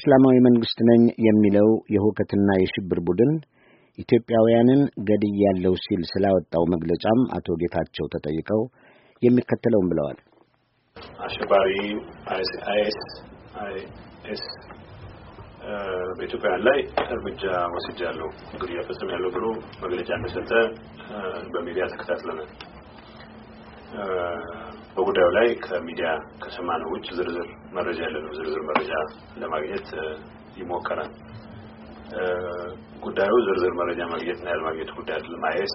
እስላማዊ መንግስት ነኝ የሚለው የሁከትና የሽብር ቡድን ኢትዮጵያውያንን ገድያለሁ ሲል ስላወጣው መግለጫም አቶ ጌታቸው ተጠይቀው የሚከተለውን ብለዋል። አሸባሪ አይኤስ አይኤስ በኢትዮጵያውያን ላይ እርምጃ ወስጃለሁ ግድያ ፈጽሜያለሁ ብሎ መግለጫ እንደሰጠ በሚዲያ ተከታትለናል። በጉዳዩ ላይ ከሚዲያ ከሰማነው ውጭ ዝርዝር መረጃ ያለነው ዝርዝር መረጃ ለማግኘት ይሞከራል። ጉዳዩ ዝርዝር መረጃ ማግኘት ማግኘትና ያለማግኘት ጉዳይ አይደለም። አይኤስ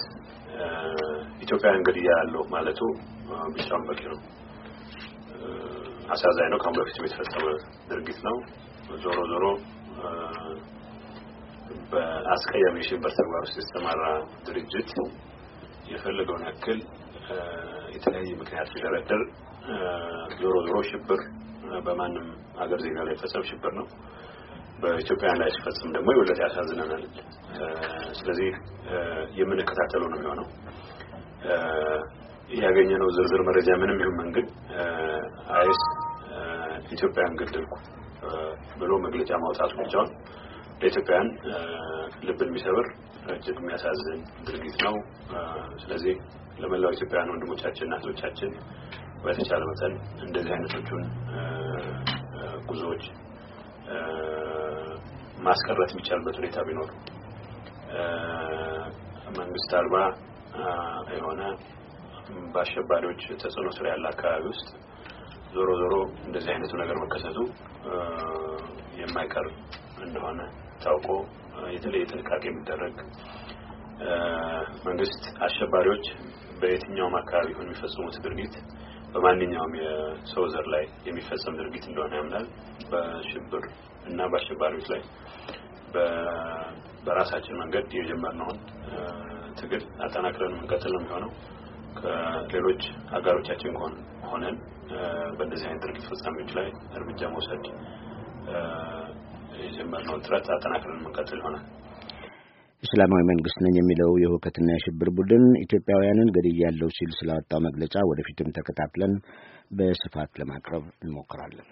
ኢትዮጵያን እንግዲህ ያለው ማለቱ ብቻውን በቂ ነው። አሳዛኝ ነው። ከአሁን በፊትም የተፈጸመ ድርጊት ነው። ዞሮ ዞሮ በአስቀያሚ የሽብር ተግባር ውስጥ የተሰማራ ድርጅት የፈለገውን ያክል የተለያየ ምክንያት ሲደረደር ዞሮ ዞሮ ሽብር በማንም ሀገር ዜጋ ላይ ፈጸም ሽብር ነው። በኢትዮጵያውያን ላይ ሲፈጽም ደግሞ የበለጠ ያሳዝነናል። ስለዚህ የምንከታተለው ነው የሚሆነው። ያገኘነው ዝርዝር መረጃ ምንም ይሁን ምን ግን አይስ ኢትዮጵያን ገደልኩ ብሎ መግለጫ ማውጣቱ ብቻውን ለኢትዮጵያውያን ልብን የሚሰብር እጅግ የሚያሳዝን ድርጊት ነው። ስለዚህ ለመላው ኢትዮጵያውያን ና እህቶቻችን በተቻለ መጠን እንደዚህ አይነቶቹን ጉዞዎች ማስቀረት የሚቻልበት ሁኔታ ቢኖር መንግስት አልባ የሆነ በአሸባሪዎች ተጽዕኖ ስር ያለ አካባቢ ውስጥ ዞሮ ዞሮ እንደዚህ አይነቱ ነገር መከሰቱ የማይቀር እንደሆነ ታውቆ የተለየ ጥንቃቄ የሚደረግ መንግስት አሸባሪዎች በየትኛውም አካባቢ ሆኖ የሚፈጽሙት ድርጊት በማንኛውም የሰው ዘር ላይ የሚፈጸም ድርጊት እንደሆነ ያምናል። በሽብር እና በአሸባሪዎች ላይ በራሳችን መንገድ የጀመርነውን ትግል አጠናክረን የምንቀጥል ነው የሚሆነው። ከሌሎች ሆን ሆነን በእንደዚህ አይነት ድርጊት ፈጻሚዎች ላይ እርምጃ መውሰድ የጀመርነውን ጥረት አጠናክረን የምንቀጥል ይሆናል። እስላማዊ መንግስት ነኝ የሚለው የሁከትና የሽብር ቡድን ኢትዮጵያውያንን ገድያለሁ ሲል ስላወጣው መግለጫ ወደፊትም ተከታትለን በስፋት ለማቅረብ እንሞክራለን።